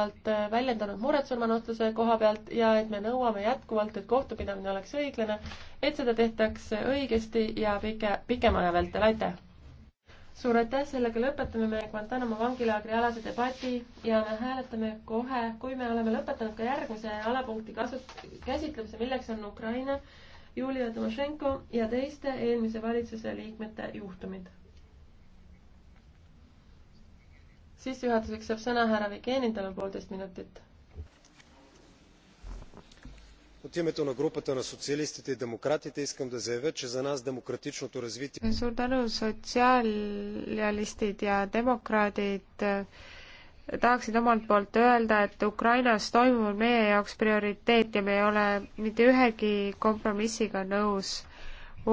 jätkuvalt äh, väljendanud muret surmanuhtluse koha pealt ja et me nõuame jätkuvalt, et kohtupidamine oleks õiglane, et seda tehtaks õigesti ja pike, pikema aja vältel, aitäh! suur aitäh, sellega lõpetame me Guantanamo vangilaagri alase debati ja me hääletame kohe, kui me oleme lõpetanud ka järgmise alapunkti kasut-, käsitlemise, milleks on Ukraina, Julia Tomašenko ja teiste eelmise valitsuse liikmete juhtumid sissejuhatuseks saab sõna härra Vigenin, tal on poolteist minutit. От името на групата на социалистите и демократите искам да заявя, че за нас демократичното развитие... Suur tänu, sotsiaalistid ja demokraadid tahaksid omalt poolt öelda, et Ukrainas toimuv on meie jaoks prioriteet ja me ei ole mitte ühegi kompromissiga nõus.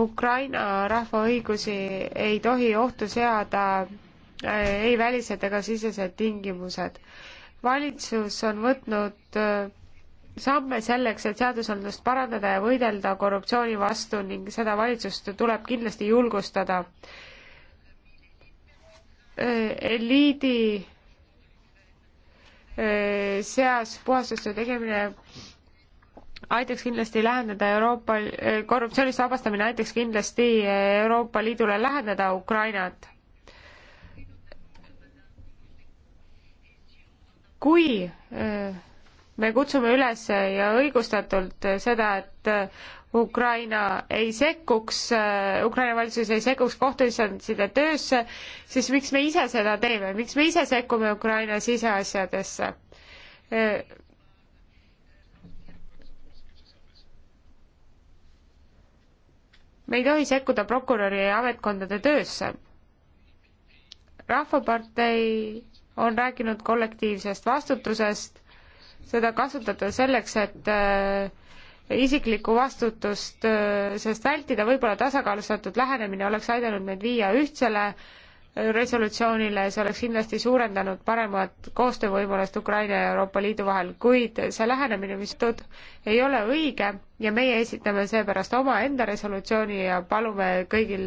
Ukraina rahva õigusi ei tohi ohtu seada Äh, ei välised ega sisesed tingimused. valitsus on võtnud äh, samme selleks, et seadusandlust parandada ja võidelda korruptsiooni vastu ning seda valitsust tuleb kindlasti julgustada. Äh, eliidi seas puhastuste tegemine aitaks kindlasti lähendada Euroopa, korruptsioonist vabastamine aitaks kindlasti Euroopa Liidule lähendada Ukrainat kui äh, me kutsume üles ja õigustatult äh, seda, et äh, Ukraina ei sekkuks, Ukraina valitsus ei sekkuks kohtuinstantside töösse, siis miks me ise seda teeme, miks me ise sekkume Ukraina siseasjadesse? me ei tohi sekkuda prokuröri ja ametkondade töösse. rahvapartei on rääkinud kollektiivsest vastutusest, seda kasutada selleks, et äh, isiklikku vastutust, äh, sest vältida võib-olla tasakaalustatud lähenemine oleks aidanud meid viia ühtsele äh, resolutsioonile, see oleks kindlasti suurendanud paremat koostöövõimalust Ukraina ja Euroopa Liidu vahel, kuid see lähenemine, mis tood, ei ole õige ja meie esitame seepärast omaenda resolutsiooni ja palume kõigil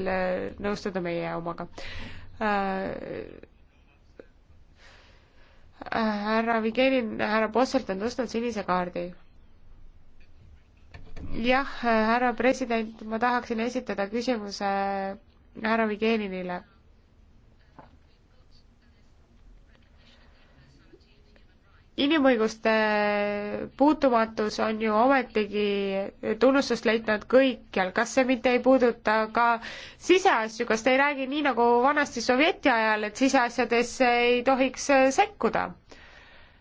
nõustuda meie omaga härra Vigenin, härra Posselt on tõstnud sinise kaardi. jah, härra president, ma tahaksin esitada küsimuse härra Vigeninile inimõiguste puutumatus on ju ometigi tunnustust leidnud kõikjal, kas see mitte ei puuduta ka siseasju, kas te ei räägi nii nagu vanasti Sovjeti ajal, et siseasjadesse ei tohiks äh, sekkuda?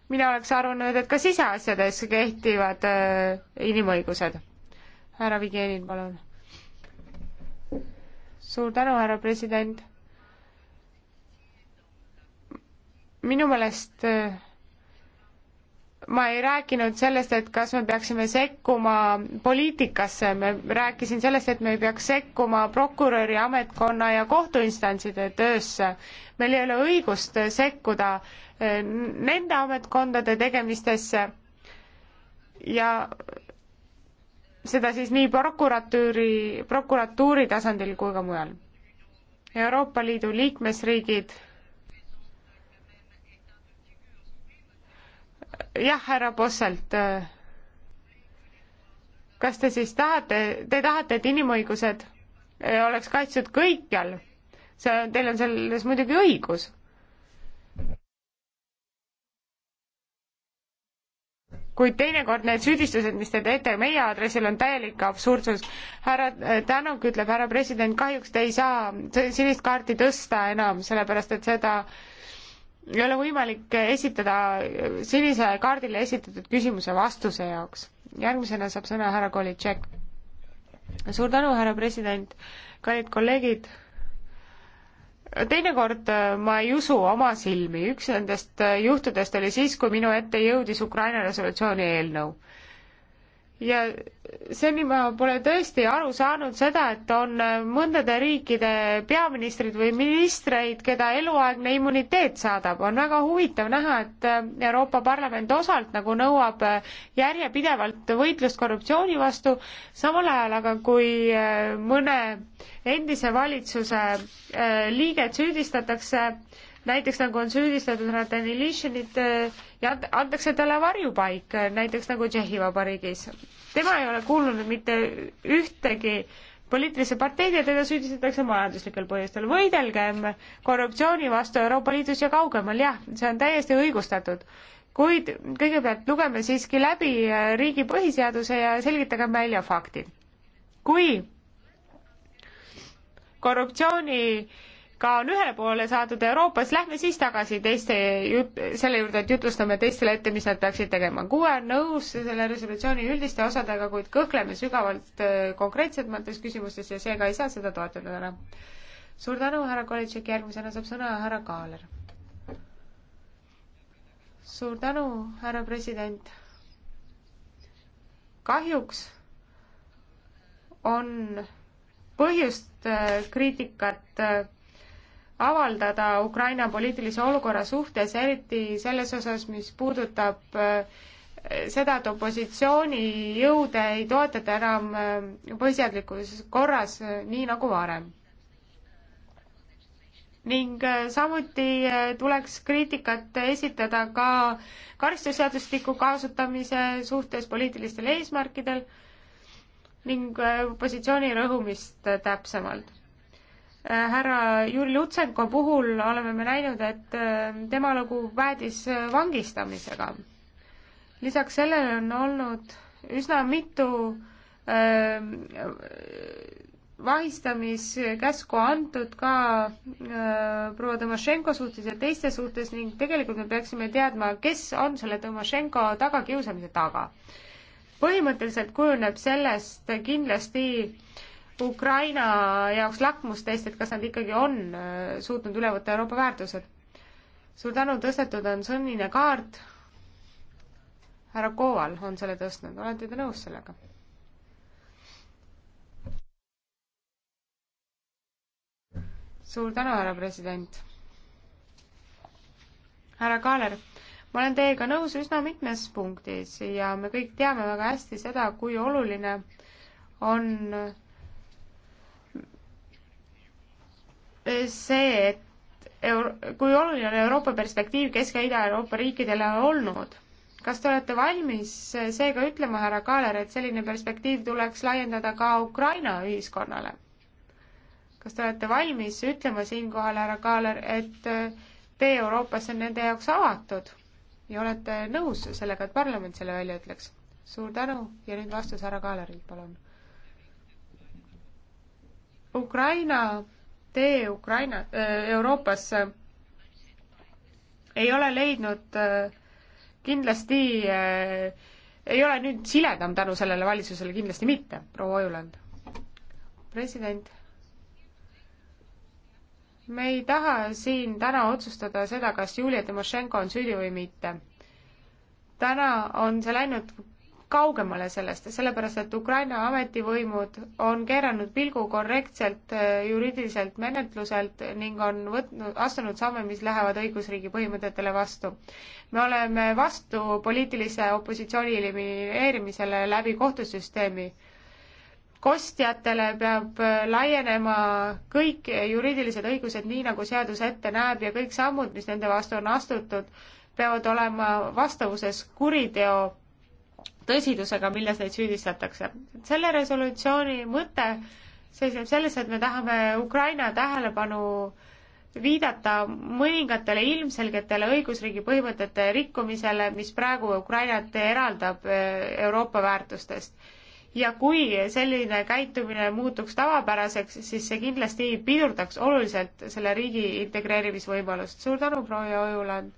mina oleks arvanud, et ka siseasjades kehtivad äh, inimõigused. härra Vigenin, palun. suur tänu, härra president. minu meelest äh, ma ei rääkinud sellest, et kas me peaksime sekkuma poliitikasse, ma rääkisin sellest, et me ei peaks sekkuma prokuröri ametkonna ja kohtuinstantside töösse. meil ei ole õigust sekkuda eh, nende ametkondade tegemistesse ja seda siis nii prokuratuuri, prokuratuuri tasandil kui ka mujal. Euroopa Liidu liikmesriigid jah, härra Posselt, äh, kas te siis tahate, te tahate, et inimõigused äh, oleks kaitstud kõikjal? see, teil on selles muidugi õigus. kuid teinekord need süüdistused, mis te teete meie aadressil, on täielik absurdsus. härra äh, Tänuk ütleb, härra president, kahjuks te ei saa sinist kaarti tõsta enam, sellepärast et seda äh, ei ole võimalik esitada sinisele kaardile esitatud küsimuse vastuse jaoks. järgmisena saab sõna härra Kolitšek. suur tänu, härra president, kallid kolleegid, teinekord ma ei usu oma silmi, üks nendest juhtudest oli siis, kui minu ette jõudis Ukraina resolutsiooni eelnõu ja seni ma pole tõesti aru saanud seda, et on äh, mõndade riikide peaministrid või ministreid, keda eluaegne immuniteet saadab. on väga huvitav näha, et äh, Euroopa Parlament osalt nagu nõuab äh, järjepidevalt võitlust korruptsiooni vastu, samal ajal aga kui mõne endise valitsuse liiget süüdistatakse näiteks nagu on süüdistatud Ratanilishinit ja antakse talle varjupaik, näiteks nagu Tšehhi Vabariigis. tema ei ole kuulunud mitte ühtegi poliitilisse parteid ja teda süüdistatakse majanduslikel põhjustel. võidelgem korruptsiooni vastu Euroopa Liidus ja kaugemal, jah, see on täiesti õigustatud. kuid kõigepealt lugeme siiski läbi riigi põhiseaduse ja selgitagem välja faktid. kui korruptsiooni äh, ka on ühele poole saadud Euroopas, lähme siis tagasi teiste jut-, selle juurde, et jutlustame teistele ette, mis nad peaksid tegema. kuue on nõus selle resolutsiooni üldiste osadega, kuid kõhkleme sügavalt äh, konkreetsemates küsimustes ja seega ei saa seda toetada täna. suur tänu, härra Kolitšek, järgmisena saab sõna härra Kaaler. suur tänu, härra president. kahjuks on põhjust äh, kriitikat äh, avaldada Ukraina poliitilise olukorra suhtes, eriti selles osas, mis puudutab äh, seda, et opositsioonijõude ei toetata enam äh, põhiseaduslikus korras äh, nii nagu varem. ning samuti tuleks kriitikat esitada ka karistusseadustiku kasutamise suhtes poliitilistel eesmärkidel ning positsiooni rõhumist täpsemalt Äh, härra Juri Lutsenko puhul oleme me näinud, et äh, tema lugu päädis äh, vangistamisega. lisaks sellele on olnud üsna mitu äh, vahistamiskäsku antud ka äh, proua Tomašenko suhtes ja teiste suhtes ning tegelikult me peaksime teadma, kes on selle Tomašenko tagakiusamise taga. põhimõtteliselt kujuneb sellest kindlasti Ukraina jaoks lakmustest, et kas nad ikkagi on äh, suutnud üle võtta Euroopa väärtused. suur tänu, tõstetud on sõnnine kaart. härra Koval on selle tõstnud, olete te nõus sellega? suur tänu, härra president. härra Kaaler, ma olen teiega nõus üsna mitmes punktis ja me kõik teame väga hästi seda, kui oluline on see, et euro-, kui oluline on Euroopa perspektiiv Kesk- ja Ida-Euroopa riikidele olnud. kas te olete valmis seega ütlema, härra Kaaler, et selline perspektiiv tuleks laiendada ka Ukraina ühiskonnale? kas te olete valmis ütlema siinkohal, härra Kaaler, et äh, tee Euroopasse on nende jaoks avatud ja olete nõus sellega, et parlament selle välja ütleks? suur tänu ja nüüd vastus härra Kaalerilt, palun. Ukraina tee Ukraina, äh, Euroopasse äh, ei ole leidnud äh, kindlasti, ei ole nüüd siledam tänu sellele valitsusele, kindlasti mitte, proua Ojuland. president me ei taha siin täna otsustada seda, kas Julia Timošenko on süüdi või mitte. täna on see läinud kaugemale sellest ja sellepärast, et Ukraina ametivõimud on keeranud pilgu korrektselt äh, juriidiliselt menetluselt ning on võtnud, astunud samme, mis lähevad õigusriigi põhimõtetele vastu. me oleme vastu poliitilise opositsiooni elimineerimisele läbi kohtusüsteemi. kostjatele peab äh, laienema kõik juriidilised õigused, nii nagu seadus ette näeb ja kõik sammud, mis nende vastu on astutud, peavad olema vastavuses kuriteo tõsidusega, milles neid süüdistatakse. selle resolutsiooni mõte seisneb selles, et me tahame Ukraina tähelepanu viidata mõningatele ilmselgetele õigusriigi põhimõtete rikkumisele, mis praegu Ukrainat eraldab eh, Euroopa väärtustest. ja kui selline käitumine muutuks tavapäraseks, siis see kindlasti pidurdaks oluliselt selle riigi integreerimisvõimalust. suur tänu, proua Ojuland!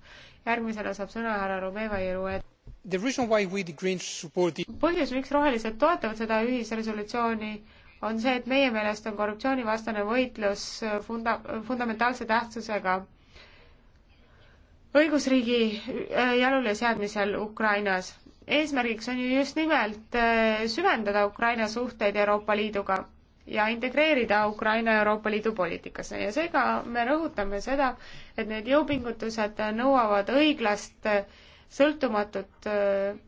järgmisena saab sõna härra Rumeva Jeruet. Support... põhjus, miks rohelised toetavad seda ühisresolutsiooni, on see, et meie meelest on korruptsioonivastane võitlus funda-, fundamentaalse tähtsusega õigusriigi äh, jalule seadmisel Ukrainas. eesmärgiks on ju just nimelt äh, süvendada Ukraina suhteid Euroopa Liiduga ja integreerida Ukraina Euroopa Liidu poliitikasse ja seega me rõhutame seda, et need jõupingutused nõuavad õiglast sõltumatut äh,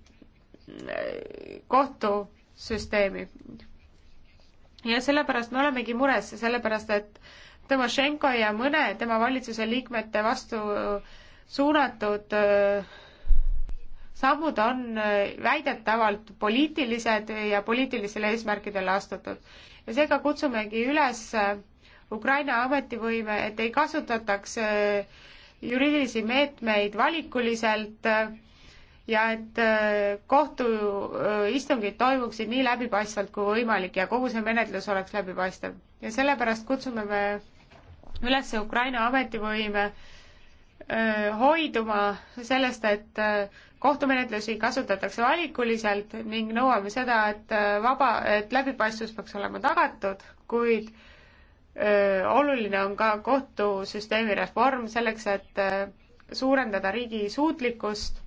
kohtusüsteemi. ja sellepärast me olemegi mures, sellepärast et Tõmošenko ja mõne tema valitsuse liikmete vastu suunatud äh, sammud on äh, väidetavalt poliitilised ja poliitilisele eesmärkidele astutud. ja seega kutsumegi üles Ukraina ametivõime, et ei kasutataks juriidilisi meetmeid valikuliselt äh, ja et äh, kohtuistungid toimuksid nii läbipaistvalt kui võimalik ja kogu see menetlus oleks läbipaistev. ja sellepärast kutsume me üles Ukraina ametivõime äh, hoiduma sellest, et kohtumenetlusi kasutatakse valikuliselt ning nõuame seda, et vaba, et läbipaistvus peaks olema tagatud, kuid oluline on ka kohtusüsteemi reform selleks, et suurendada riigi suutlikkust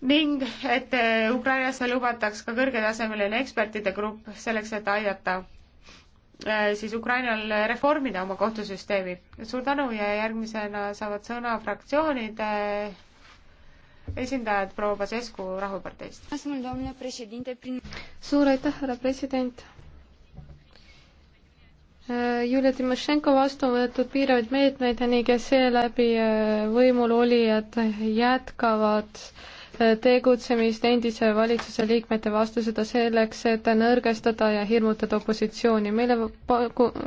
ning et Ukrainasse lubataks ka kõrgetasemeline ekspertide grupp selleks, et aidata siis Ukrainal reformida oma kohtusüsteemi. suur tänu ja järgmisena saavad sõna fraktsioonide esindajad proua Pasescu Rahuparteist. suur aitäh, härra president! Julia Timošenko vastu võetud piiravaid meetmeid ning seeläbi äh, võimul olijad jätkavad tegutsemist endise valitsuse liikmete vastu, seda selleks, et nõrgestada ja hirmutada opositsiooni. meile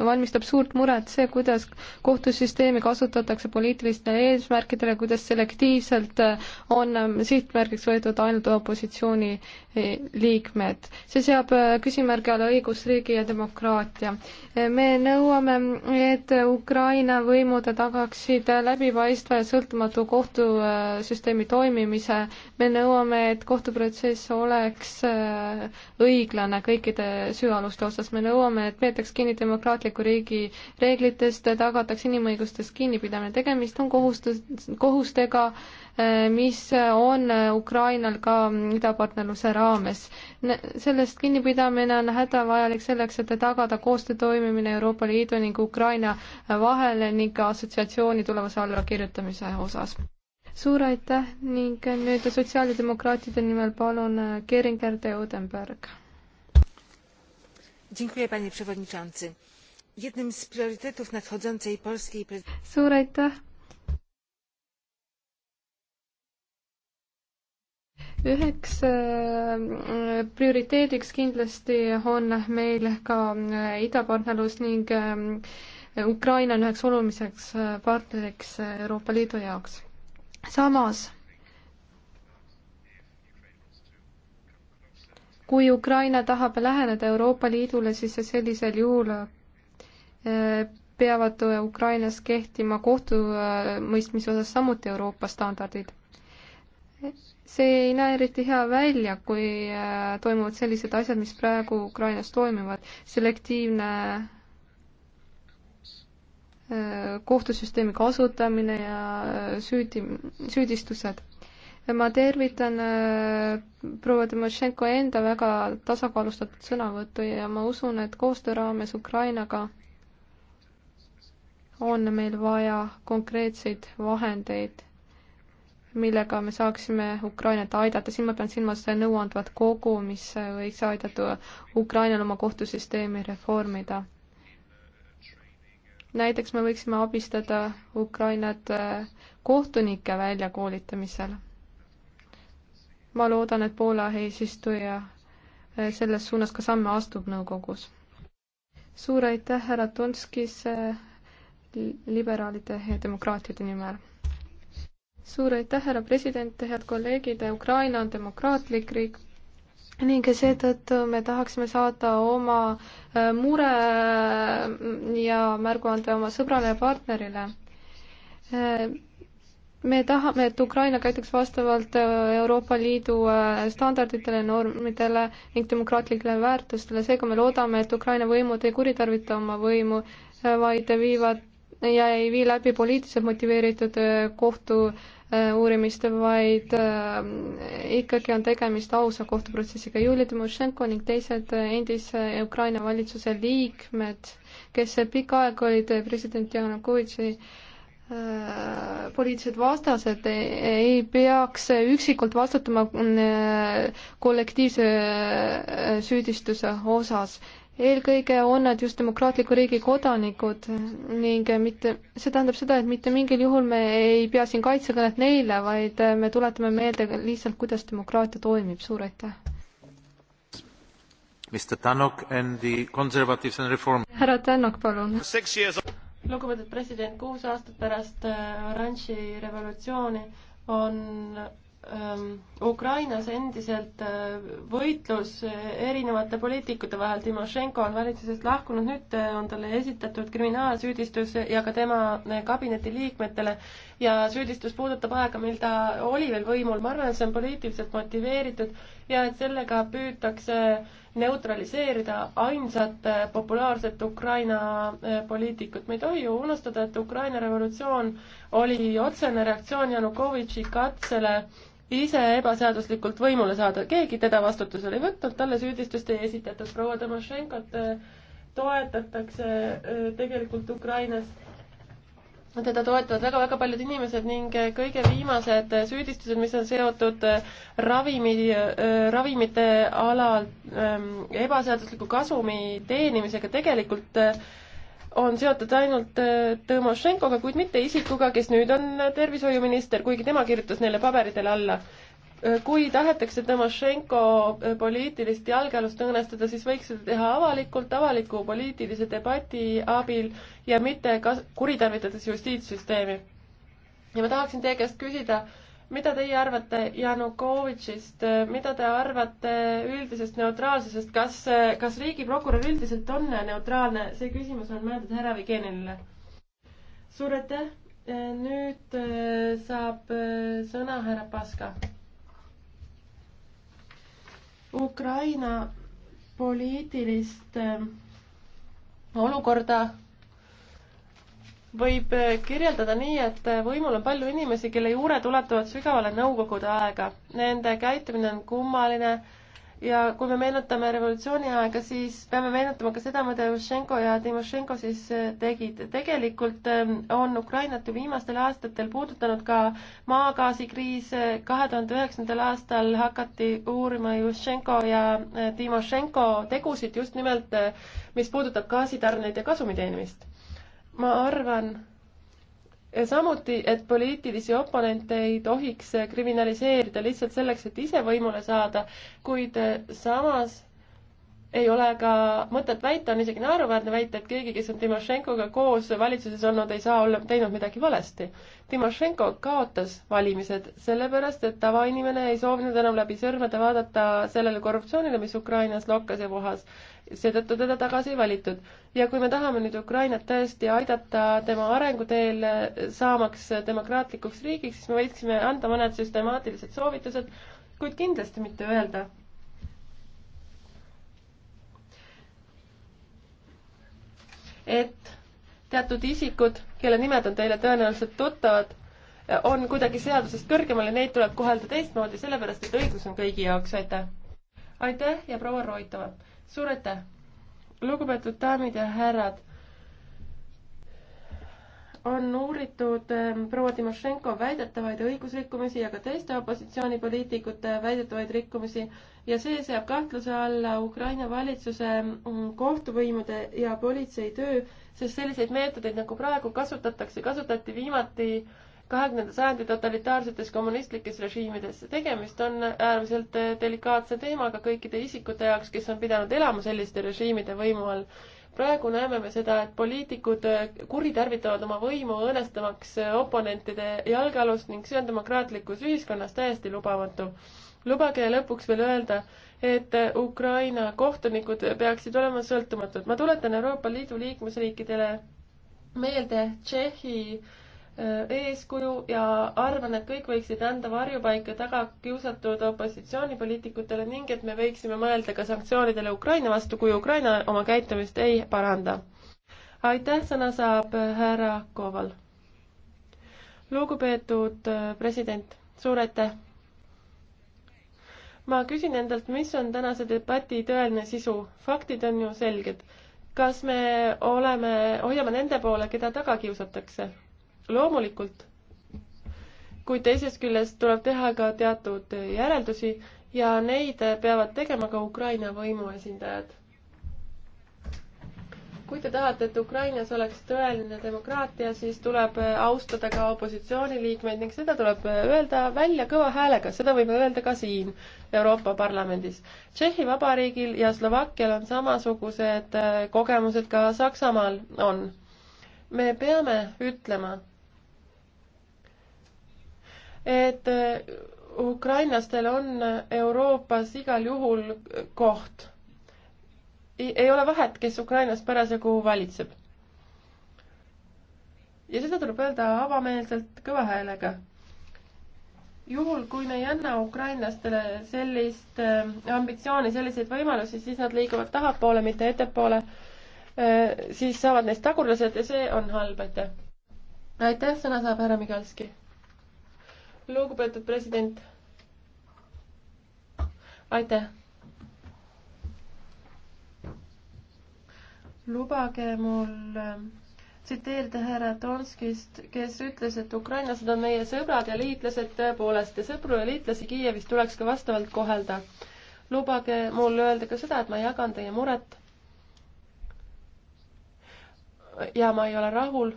valmistab suurt muret see, kuidas kohtusüsteemi kasutatakse poliitilistele eesmärkidele, kuidas selektiivselt on sihtmärgiks võetud ainult opositsiooni liikmed. see seab küsimärgi alla õigusriigi ja demokraatia. me nõuame, et Ukraina võimud tagaksid läbipaistva ja sõltumatu kohtusüsteemi toimimise. me me nõuame, et kohtuprotsess oleks äh, õiglane kõikide süüaluste osas, me nõuame, et peetaks kinni demokraatliku riigi reeglitest, tagatakse inimõigustest kinnipidamine, tegemist on kohustus, kohustega, äh, mis on Ukrainal ka idapartnerluse raames. sellest kinnipidamine on hädavajalik selleks, et tagada koostöö toimimine Euroopa Liidu ning Ukraina vahel ning assotsiatsiooni tulevase allakirjutamise osas suur aitäh ning nüüd sotsiaaldemokraatide nimel palun äh, Geringer de Odenberg. suur aitäh. üheks äh, prioriteediks kindlasti on meil ka äh, idapartnerlus ning ähm, Ukraina on üheks oluliseks partneriks Euroopa Liidu jaoks samas, kui Ukraina tahab läheneda Euroopa Liidule, siis sellisel juhul eh, peavad Ukrainas kehtima kohtumõistmise osas samuti Euroopa standardid. see ei näe eriti hea välja, kui eh, toimuvad sellised asjad, mis praegu Ukrainas toimuvad, selektiivne kohtusüsteemi kasutamine ja äh, süüdi, süüdistused. ma tervitan äh, proua Timošenko enda väga tasakaalustatud sõnavõttu ja ma usun, et koostöö raames Ukrainaga on meil vaja konkreetseid vahendeid, millega me saaksime Ukrainat aidata, siin ma pean silmas nõuandvat kogu, mis äh, võiks aidata Ukrainal oma kohtusüsteemi reformida näiteks me võiksime abistada Ukrainat äh, kohtunike väljakoolitamisel. ma loodan, et Poola eesistuja äh, selles suunas ka samme astub nõukogus. suur aitäh, härra Tonskis, äh, liberaalide ja demokraatide nimel. suur aitäh, härra president, head kolleegid, Ukraina on demokraatlik riik ning seetõttu me tahaksime saada oma äh, mure äh, ja märguande oma sõbrale ja partnerile. Äh, me tahame, et Ukraina käituks vastavalt Euroopa Liidu standarditele, normidele ning demokraatlikele väärtustele, seega me loodame, et Ukraina võimud ei kuritarvita oma võimu, vaid viivad ja ei vii läbi poliitiliselt motiveeritud äh, kohtu äh, uurimist, vaid äh, ikkagi on tegemist ausa kohtuprotsessiga. Julia Timošenko ning teised endise Ukraina valitsuse liikmed, kes pikka aega olid president Janukovitši poliitilised vastased e, ei peaks üksikult vastutama kollektiivse süüdistuse osas eelkõige on nad just demokraatliku riigi kodanikud ning mitte, see tähendab seda, et mitte mingil juhul me ei pea siin kaitsekõnet neile, vaid me tuletame meelde lihtsalt, kuidas demokraatia toimib, suur aitäh. härra Tänok, palun. lugupeetud president, kuus aastat pärast äh, oranži revolutsiooni on Ehm, Ukrainas endiselt äh, võitlus äh, erinevate poliitikute vahel, Timošenko on valitsusest lahkunud, nüüd äh, on talle esitatud kriminaalsüüdistus ja ka tema kabineti liikmetele ja süüdistus puudutab aega, mil ta oli veel võimul, ma arvan, et see on poliitiliselt motiveeritud ja et sellega püütakse neutraliseerida ainsat populaarset Ukraina poliitikut. me ei tohi ju unustada, et Ukraina revolutsioon oli otsene reaktsioon Janukovitši katsele ise ebaseaduslikult võimule saada, keegi teda vastutusele ei võtnud, talle süüdistust ei esitatud, proua Tomašenkot äh, toetatakse äh, tegelikult Ukrainas teda toetavad väga-väga paljud inimesed ning äh, kõige viimased süüdistused, mis on seotud ravimi, ravimite alal ähm, ebaseadusliku kasumi teenimisega, tegelikult äh, on seotud ainult äh, Tõmošenkoga, kuid mitte isikuga, kes nüüd on äh, tervishoiuminister, kuigi tema kirjutas neile paberitele alla. Äh, kui tahetakse Tõmošenko poliitilist jalgealust õõnestada, siis võiks seda teha avalikult, avaliku poliitilise debati abil ja mitte kas-, kuritarvitades justiitssüsteemi. ja ma tahaksin teie käest küsida, mida teie arvate Janukovitšist, mida te arvate üldisest neutraalsusest, kas, kas riigiprokurör üldiselt on neutraalne, see küsimus on mõeldud härra Vigenile. suur aitäh, nüüd eh, saab eh, sõna härra Paska. Ukraina poliitilist eh, olukorda võib äh, kirjeldada nii, et äh, võimul on palju inimesi, kelle juured ulatuvad sügavale Nõukogude aega. Nende käitumine on kummaline ja kui me meenutame revolutsiooni aega, siis peame meenutama ka seda, mida Jušenko ja Timošenko siis äh, tegid. tegelikult ähm, on Ukrainat ju viimastel aastatel puudutanud ka maagaasikriis. kahe tuhande üheksandal aastal hakati uurima Jušenko ja Timošenko tegusid just nimelt, mis puudutab gaasitarneid ja kasumi teenimist ma arvan samuti, et poliitilisi oponente ei tohiks kriminaliseerida lihtsalt selleks, et ise võimule saada, kuid samas ei ole ka mõtet väita, on isegi naeruväärne väita, et keegi, kes on Timošenkoga koos valitsuses olnud, ei saa olla teinud midagi valesti. Timošenko kaotas valimised sellepärast, et tavainimene ei soovinud enam läbi sõrmede vaadata sellele korruptsioonile, mis Ukrainas lokkas ja puhas. seetõttu teda tagasi ei valitud. ja kui me tahame nüüd Ukrainat tõesti aidata tema arenguteel saamaks demokraatlikuks riigiks, siis me võiksime anda mõned süstemaatilised soovitused, kuid kindlasti mitte öelda et teatud isikud, kelle nimed on teile tõenäoliselt tuttavad, on kuidagi seadusest kõrgemal ja neid tuleb kohelda teistmoodi, sellepärast et õiglus on kõigi jaoks, aitäh! aitäh ja proua Roitova, suur aitäh! lugupeetud daamid ja härrad on uuritud ähm, proua Timošenko väidetavaid õigusrikkumisi ja ka teiste opositsioonipoliitikute väidetavaid rikkumisi ja see seab kahtluse alla Ukraina valitsuse mm, kohtuvõimude ja politsei töö, sest selliseid meetodeid, nagu praegu kasutatakse, kasutati viimati kahekümnenda sajandi totalitaarsetes kommunistlikes režiimides. tegemist on äärmiselt eh, delikaatse teemaga kõikide isikute jaoks, kes on pidanud elama selliste režiimide võimu all. praegu näeme me seda, et poliitikud eh, kuritarvitavad oma võimu, õõnestamaks eh, oponentide jalgealust ning see on demokraatlikus ühiskonnas täiesti lubamatu. lubage lõpuks veel öelda, et Ukraina kohtunikud peaksid olema sõltumatud. ma tuletan Euroopa Liidu liikmesriikidele meelde Tšehhi äh, Äh, eeskuju ja arvan, et kõik võiksid anda varjupaika tagakiusatud opositsioonipoliitikutele ning et me võiksime mõelda ka sanktsioonidele Ukraina vastu, kui Ukraina oma käitumist ei paranda. aitäh, sõna saab härra Koval. lugupeetud äh, president, suur aitäh! ma küsin endalt, mis on tänase debati tõeline sisu, faktid on ju selged. kas me oleme, hoiame nende poole, keda taga kiusatakse? loomulikult, kuid teisest küljest tuleb teha ka teatud järeldusi ja neid peavad tegema ka Ukraina võimuesindajad. kui te tahate, et Ukrainas oleks tõeline demokraatia, siis tuleb austada ka opositsiooniliikmeid ning seda tuleb öelda välja kõva häälega, seda võime öelda ka siin Euroopa Parlamendis. Tšehhi Vabariigil ja Slovakkial on samasugused kogemused, ka Saksamaal on. me peame ütlema et äh, ukrainlastel on Euroopas igal juhul koht. ei ole vahet, kes Ukrainas parasjagu valitseb. ja seda tuleb öelda avameelselt kõva häälega. juhul, kui me ei anna ukrainlastele sellist äh, ambitsiooni, selliseid võimalusi, siis nad liiguvad tahapoole, mitte ettepoole, äh, siis saavad neist tagurlased ja see on halb, aitäh. aitäh, sõna saab härra Migalski lugupeetud president. aitäh. lubage mul ähm, tsiteerida härra Donskist, kes ütles, et ukrainlased on meie sõbrad ja liitlased tõepoolest ja sõpru ja liitlasi Kiievis tuleks ka vastavalt kohelda. lubage mul öelda ka seda, et ma jagan teie muret. ja ma ei ole rahul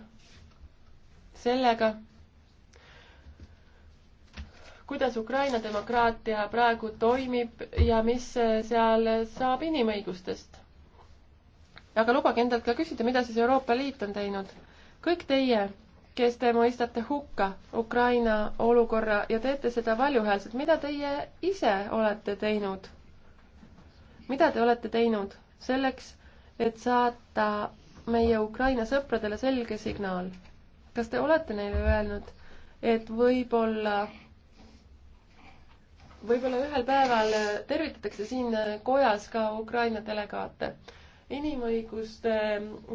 sellega kuidas Ukraina demokraatia praegu toimib ja mis seal saab inimõigustest. aga lubage endalt ka küsida, mida siis Euroopa Liit on teinud. kõik teie, kes te mõistate hukka Ukraina olukorra ja teete seda valjuhäälselt, mida teie ise olete teinud? mida te olete teinud selleks, et saata meie Ukraina sõpradele selge signaal. kas te olete neile öelnud, et võib-olla võib-olla ühel päeval tervitatakse siin kojas ka Ukraina delegaate. inimõiguste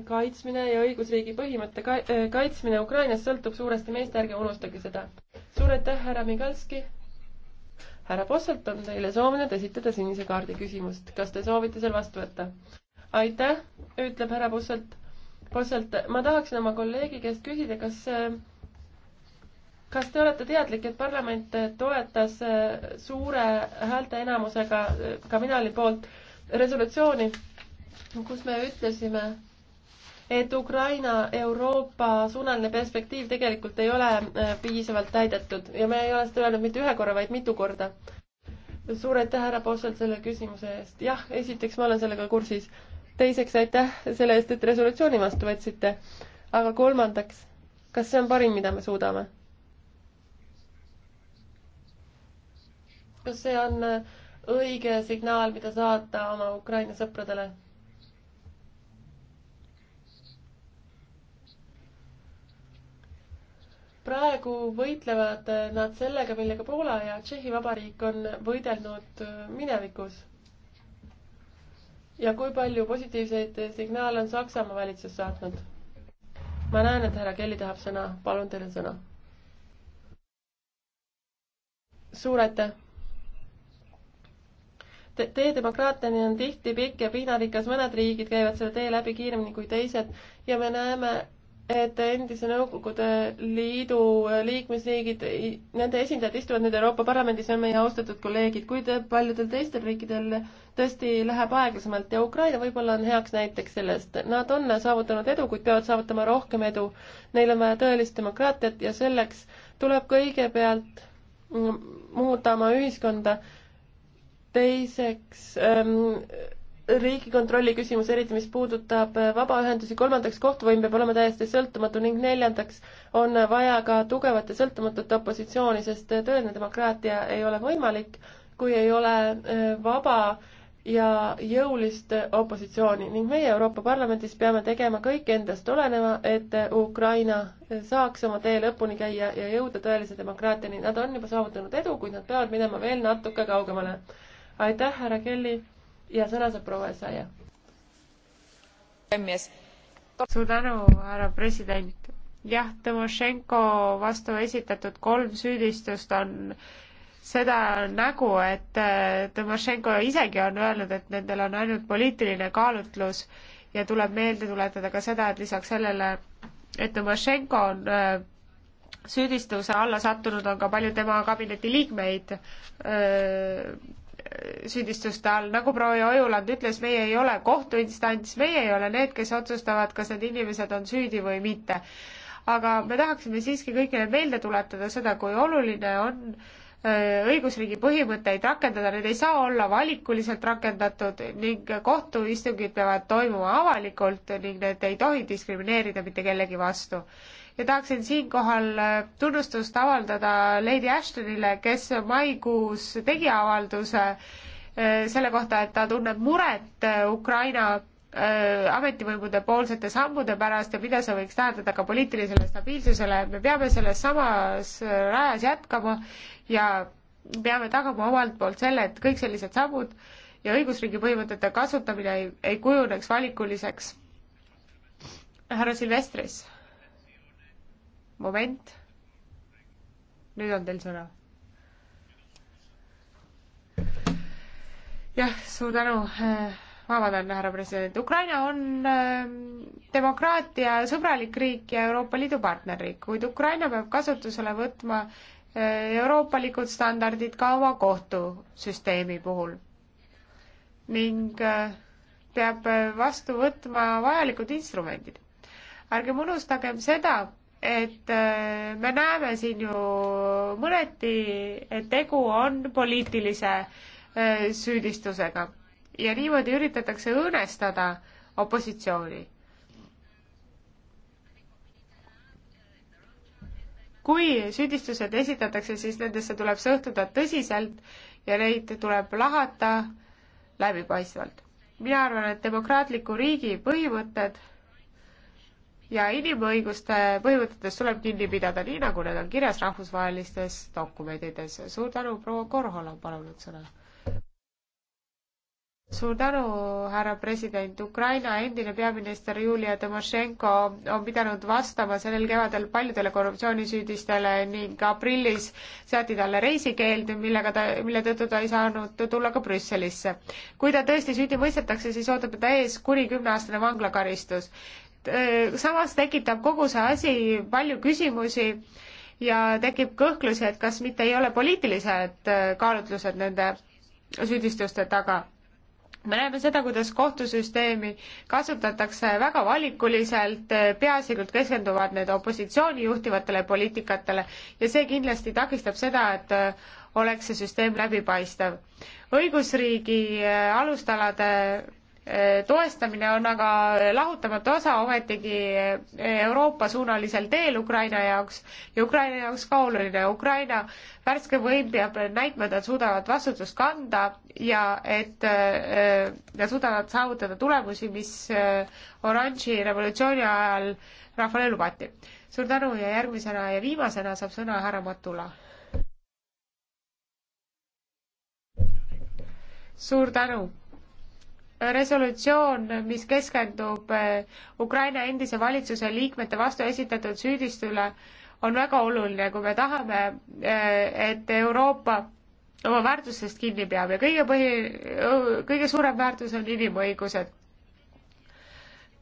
kaitsmine ja õigusriigi põhimõtte äh, kaitsmine Ukrainas sõltub suuresti meist, ärge unustage seda. suur aitäh, härra Migalski. härra Posselt on teile soovinud esitada sinise kaardi küsimust, kas te soovite seal vastu võtta? aitäh, ütleb härra Posselt. Posselt, ma tahaksin oma kolleegi käest küsida, kas äh, kas te olete teadlik, et parlament toetas äh, suure häälteenamusega, äh, ka mina olin poolt, resolutsiooni, kus me ütlesime, et Ukraina Euroopa suunaline perspektiiv tegelikult ei ole äh, piisavalt täidetud ja me ei ole seda öelnud mitte ühe korra, vaid mitu korda. suur aitäh, härra Possel, selle küsimuse eest. jah, esiteks ma olen sellega kursis. teiseks aitäh selle eest, et resolutsiooni vastu võtsite. aga kolmandaks, kas see on parim, mida me suudame? kas see on äh, õige signaal, mida saata oma Ukraina sõpradele? praegu võitlevad äh, nad sellega, millega Poola ja Tšehhi Vabariik on võidelnud äh, minevikus. ja kui palju positiivseid signaale on Saksamaa valitsus saatnud? ma näen, et härra Kelly tahab sõna, palun teile sõna. suur aitäh te tee demokraatiani on tihti pikk ja piinarikas, mõned riigid käivad selle tee läbi kiiremini kui teised ja me näeme, et endise Nõukogude Liidu liikmesriigid, nende esindajad istuvad nüüd Euroopa Parlamendis, on meie austatud kolleegid, kuid paljudel teistel riikidel tõesti läheb aeglasemalt ja Ukraina võib-olla on heaks näiteks sellest. Nad on saavutanud edu, kuid peavad saavutama rohkem edu. Neil on vaja tõelist demokraatiat ja selleks tuleb kõigepealt mm, muuta oma ühiskonda teiseks ähm, riigikontrolli küsimus, eriti mis puudutab äh, vabaühendusi, kolmandaks kohtuvõim peab olema täiesti sõltumatu ning neljandaks on vaja ka tugevat ja sõltumatut opositsiooni, sest äh, tõeline demokraatia ei ole võimalik, kui ei ole äh, vaba ja jõulist opositsiooni ning meie Euroopa Parlamendis peame tegema kõik endast oleneva, et Ukraina saaks oma tee lõpuni käia ja jõuda tõelise demokraatiani. Nad on juba saavutanud edu, kuid nad peavad minema veel natuke kaugemale aitäh, härra Kelly ja sõna saab proua Esaja. suur tänu, härra president. jah, Tõmošenko vastu esitatud kolm süüdistust on seda nägu, et äh, Tõmošenko isegi on öelnud, et nendel on ainult poliitiline kaalutlus ja tuleb meelde tuletada ka seda, et lisaks sellele, et Tõmošenko on äh, süüdistuse alla sattunud, on ka palju tema kabineti liikmeid öö, äh, süüdistuste all, nagu proua Ojuland ütles, meie ei ole kohtuinstants, meie ei ole need, kes otsustavad, kas need inimesed on süüdi või mitte. aga me tahaksime siiski kõigile meelde tuletada seda, kui oluline on äh, õigusriigi põhimõtteid rakendada, need ei saa olla valikuliselt rakendatud ning kohtuistungid peavad toimuma avalikult ning need ei tohi diskrimineerida mitte kellegi vastu ja tahaksin siinkohal äh, tunnustust avaldada Lady Ashtonile, kes maikuus tegi avalduse äh, selle kohta, et ta tunneb muret äh, Ukraina ametivõimude poolsete sammude pärast ja mida see võiks tähendada ka poliitilisele stabiilsusele, me peame selles samas rajas jätkama ja peame tagama omalt poolt selle, et kõik sellised sammud ja õigusriigi põhimõtete kasutamine ei, ei kujuneks valikuliseks. härra Silvestris moment. nüüd on teil sõna. jah, suur tänu. Äh, vabandan, härra president. Ukraina on ähm, demokraatia sõbralik riik ja Euroopa Liidu partnerriik, kuid Ukraina peab kasutusele võtma äh, euroopalikud standardid ka oma kohtusüsteemi puhul ning äh, peab vastu võtma vajalikud instrumendid. ärgem unustagem seda, et äh, me näeme siin ju mõneti, et tegu on poliitilise äh, süüdistusega ja niimoodi üritatakse õõnestada opositsiooni. kui süüdistused esitatakse, siis nendesse tuleb sõltuda tõsiselt ja neid tuleb lahata läbipaistvalt. mina arvan, et demokraatliku riigi põhimõtted ja inimõiguste põhimõtetest tuleb kinni pidada, nii nagu need on kirjas rahvusvahelistes dokumentides. suur tänu, proua Korhol on palunud sõna. suur tänu, härra president. Ukraina endine peaminister Julia Tomašenko on pidanud vastama sellel kevadel paljudele korruptsioonisüüdistele ning aprillis seati talle reisikeeld, millega ta, mille tõttu ta ei saanud tulla ka Brüsselisse. kui ta tõesti süüdi mõistetakse, siis ootab teda ees kuni kümneaastane vanglakaristus Äh, samas tekitab kogu see asi palju küsimusi ja tekib kõhklusi, et kas mitte ei ole poliitilised äh, kaalutlused nende süüdistuste taga. me näeme seda, kuidas kohtusüsteemi kasutatakse väga valikuliselt, äh, peaasjalikult keskenduvad need opositsiooni juhtivatele poliitikatele ja see kindlasti takistab seda, et oleks see süsteem läbipaistev. õigusriigi alustalade toestamine on aga lahutamatu osa ometigi Euroopa-suunalisel teel Ukraina jaoks ja Ukraina jaoks ka oluline. Ukraina värske võim peab näitma, et nad suudavad vastutust kanda ja et äh, nad suudavad saavutada tulemusi, mis äh, oranži revolutsiooni ajal rahvale lubati. suur tänu ja järgmisena ja viimasena saab sõna härra Matula. suur tänu resolutsioon, mis keskendub eh, Ukraina endise valitsuse liikmete vastu esitatud süüdistule, on väga oluline, kui me tahame, eh, et Euroopa oma väärtustest kinni peab ja kõige põhi, kõige suurem väärtus on inimõigused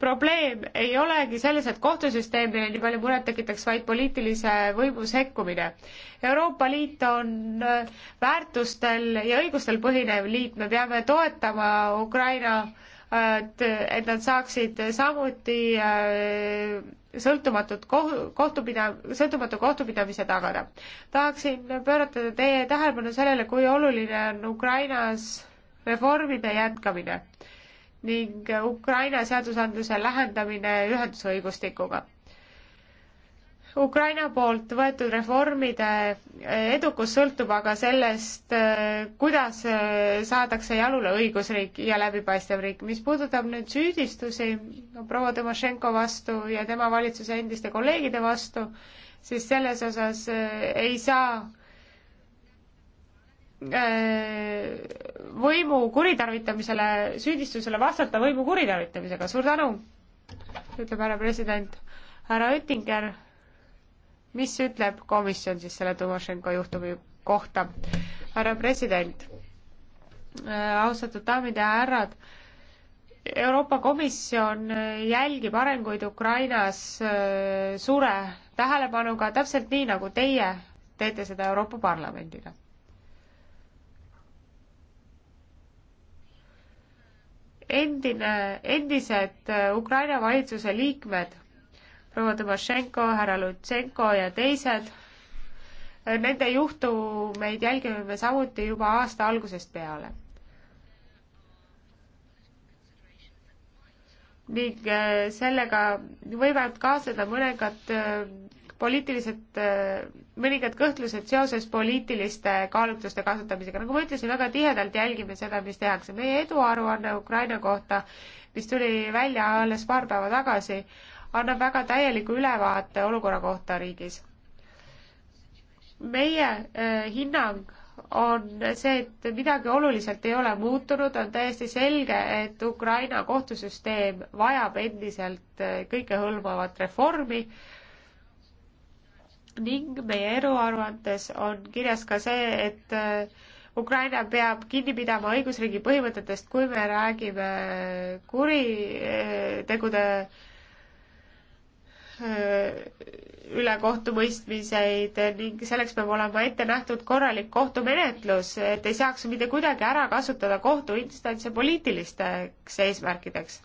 probleem ei olegi selles, et kohtusüsteem meile nii palju muret tekitaks, vaid poliitilise võimu sekkumine. Euroopa Liit on äh, väärtustel ja õigustel põhinev liit, me peame toetama Ukraina, äh, et nad saaksid samuti äh, sõltumatut kohtupida-, sõltumatu kohtupidamise tagada. tahaksin pöörata teie tähelepanu sellele, kui oluline on Ukrainas reformide jätkamine ning Ukraina seadusandluse lähendamine ühendusõigustikuga. Ukraina poolt võetud reformide edukus sõltub aga sellest, kuidas saadakse jalule õigusriik ja läbipaistev riik. mis puudutab nüüd süüdistusi proua Tõmošenko vastu ja tema valitsuse endiste kolleegide vastu, siis selles osas ei saa Äh, võimu kuritarvitamisele, süüdistusele vastata võimu kuritarvitamisega, suur tänu, ütleb härra president. härra Oettinger, mis ütleb komisjon siis selle Tumošenko juhtumi kohta? härra president, äh, austatud daamid ja härrad, Euroopa Komisjon jälgib arenguid Ukrainas äh, suure tähelepanuga, täpselt nii, nagu teie teete seda Euroopa Parlamendina endine, endised äh, Ukraina valitsuse liikmed, proua Tomašenko, härra Lutsenko ja teised, äh, nende juhtumeid jälgime me samuti juba aasta algusest peale. ning äh, sellega võivad kaasneda mõningad poliitilised mõningad kõhtlused seoses poliitiliste kaalutluste kasutamisega. nagu ma ütlesin, väga tihedalt jälgime seda, mis tehakse. meie eduaruanne Ukraina kohta, mis tuli välja alles paar päeva tagasi, annab väga täieliku ülevaate olukorra kohta riigis. meie äh, hinnang on see, et midagi oluliselt ei ole muutunud, on täiesti selge, et Ukraina kohtusüsteem vajab endiselt eh, kõikehõlmavat reformi äh,, ning meie eruaruandes on kirjas ka see, et äh, Ukraina peab kinni pidama õigusriigi põhimõtetest, kui me räägime äh, kuritegude äh, üle kohtumõistmiseid ning selleks peab olema ette nähtud korralik kohtumenetlus, et ei saaks mitte kuidagi ära kasutada kohtuinstantse poliitilisteks eesmärkideks.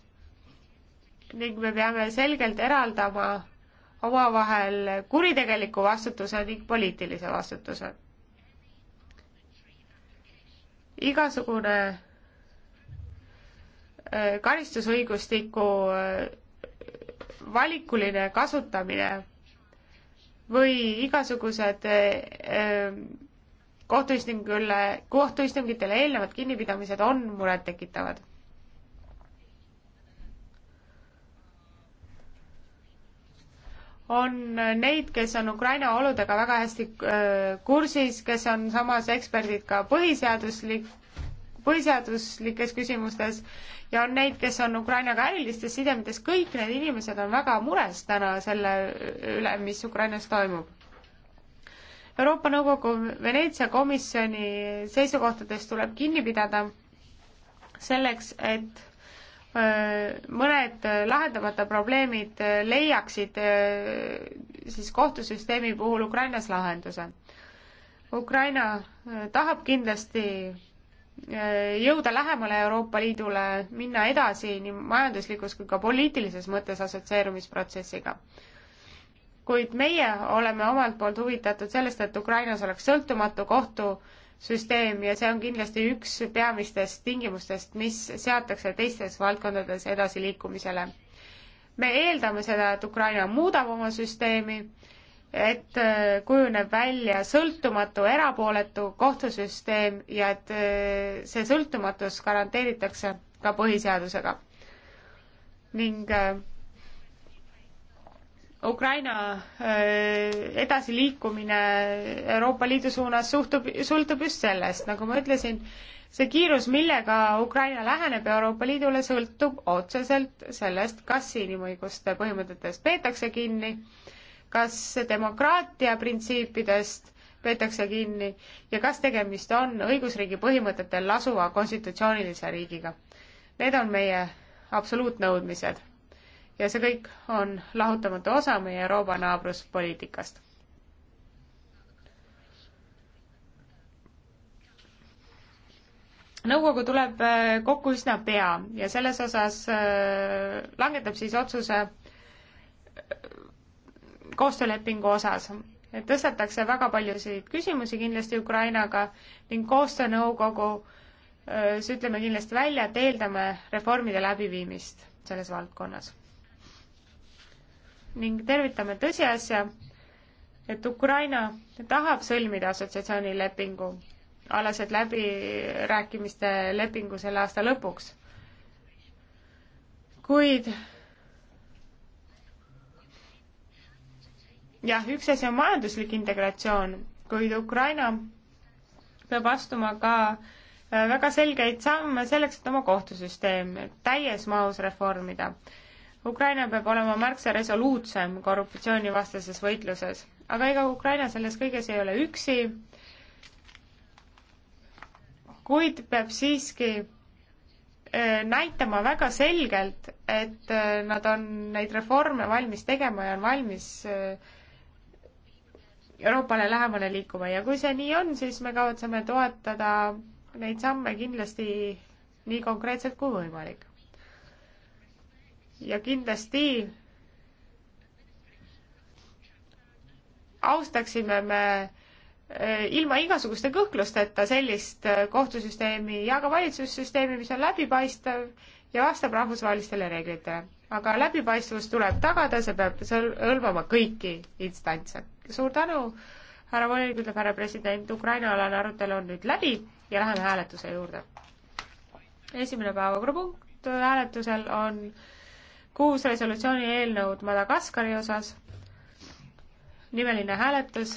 ning me peame selgelt eraldama omavahel kuritegeliku vastutuse ning poliitilise vastutuse. igasugune äh, karistusõigustiku äh, valikuline kasutamine või igasugused äh, kohtuistingule, kohtuistungitele eelnevad kinnipidamised on murettekitavad on neid, kes on Ukraina oludega väga hästi äh, kursis, kes on samas eksperdid ka põhiseaduslik, põhiseaduslikes küsimustes ja on neid, kes on Ukrainaga ärilistes sidemetes, kõik need inimesed on väga mures täna selle üle, mis Ukrainas toimub. Euroopa Nõukogu Veneetsia komisjoni seisukohtadest tuleb kinni pidada selleks, et Äh, mõned äh, lahendamata probleemid äh, leiaksid siis kohtusüsteemi puhul Ukrainas lahenduse. Ukraina tahab kindlasti jõuda lähemale Euroopa Liidule, minna edasi nii majanduslikus kui ka poliitilises mõttes assotsieerumisprotsessiga. kuid meie oleme omalt poolt huvitatud sellest, et Ukrainas oleks sõltumatu kohtu süsteem ja see on kindlasti üks peamistest tingimustest, mis seatakse teistes valdkondades edasiliikumisele. me eeldame seda, et Ukraina muudab oma süsteemi, et äh, kujuneb välja sõltumatu, erapooletu kohtusüsteem ja et äh, see sõltumatus garanteeritakse ka põhiseadusega. ning äh, Ukraina äh, edasiliikumine Euroopa Liidu suunas suhtub, sõltub just sellest, nagu ma ütlesin, see kiirus, millega Ukraina läheneb Euroopa Liidule, sõltub otseselt sellest, kas inimõiguste põhimõtetest peetakse kinni, kas demokraatia printsiipidest peetakse kinni ja kas tegemist on õigusriigi põhimõtetel lasuva konstitutsioonilise riigiga. Need on meie absoluutnõudmised ja see kõik on lahutamatu osa meie Euroopa naabruspoliitikast. nõukogu tuleb äh, kokku üsna pea ja selles osas äh, langetab siis otsuse äh, koostöölepingu osas. tõstetakse väga paljusid küsimusi kindlasti Ukrainaga ning koostöönõukogu ütleme kindlasti välja, et eeldame reformide läbiviimist selles valdkonnas ning tervitame tõsiasja, et Ukraina tahab sõlmida assotsiatsioonilepingu alased läbirääkimiste lepingu selle aasta lõpuks. kuid jah, üks asi on majanduslik integratsioon, kuid Ukraina peab astuma ka äh, väga selgeid samme selleks, et oma kohtusüsteem täies mahus reformida Ukraina peab olema märksa resoluutsem korruptsioonivastases võitluses, aga ega Ukraina selles kõiges ei ole üksi, kuid peab siiski eh, näitama väga selgelt, et eh, nad on neid reforme valmis tegema ja on valmis eh, Euroopale lähemale liikuma ja kui see nii on, siis me kavatseme toetada neid samme kindlasti nii konkreetselt kui võimalik ja kindlasti austaksime me eh, ilma igasuguste kõhklusteta sellist eh, kohtusüsteemi ja ka valitsussüsteemi, mis on läbipaistev ja vastab rahvusvahelistele reeglitele. aga läbipaistvus tuleb tagada, see peab hõlmama kõiki instantse. suur tänu, härra volinik, ütleb härra president, Ukraina-alane arutelu on nüüd läbi ja läheme hääletuse juurde. esimene päevakorrapunkt hääletusel on kuus resolutsiooni eelnõud Madagaskari osas, nimeline hääletus